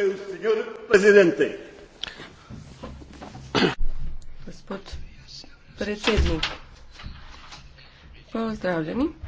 el señor presidente. Gospod predsednik, pozdravljeni.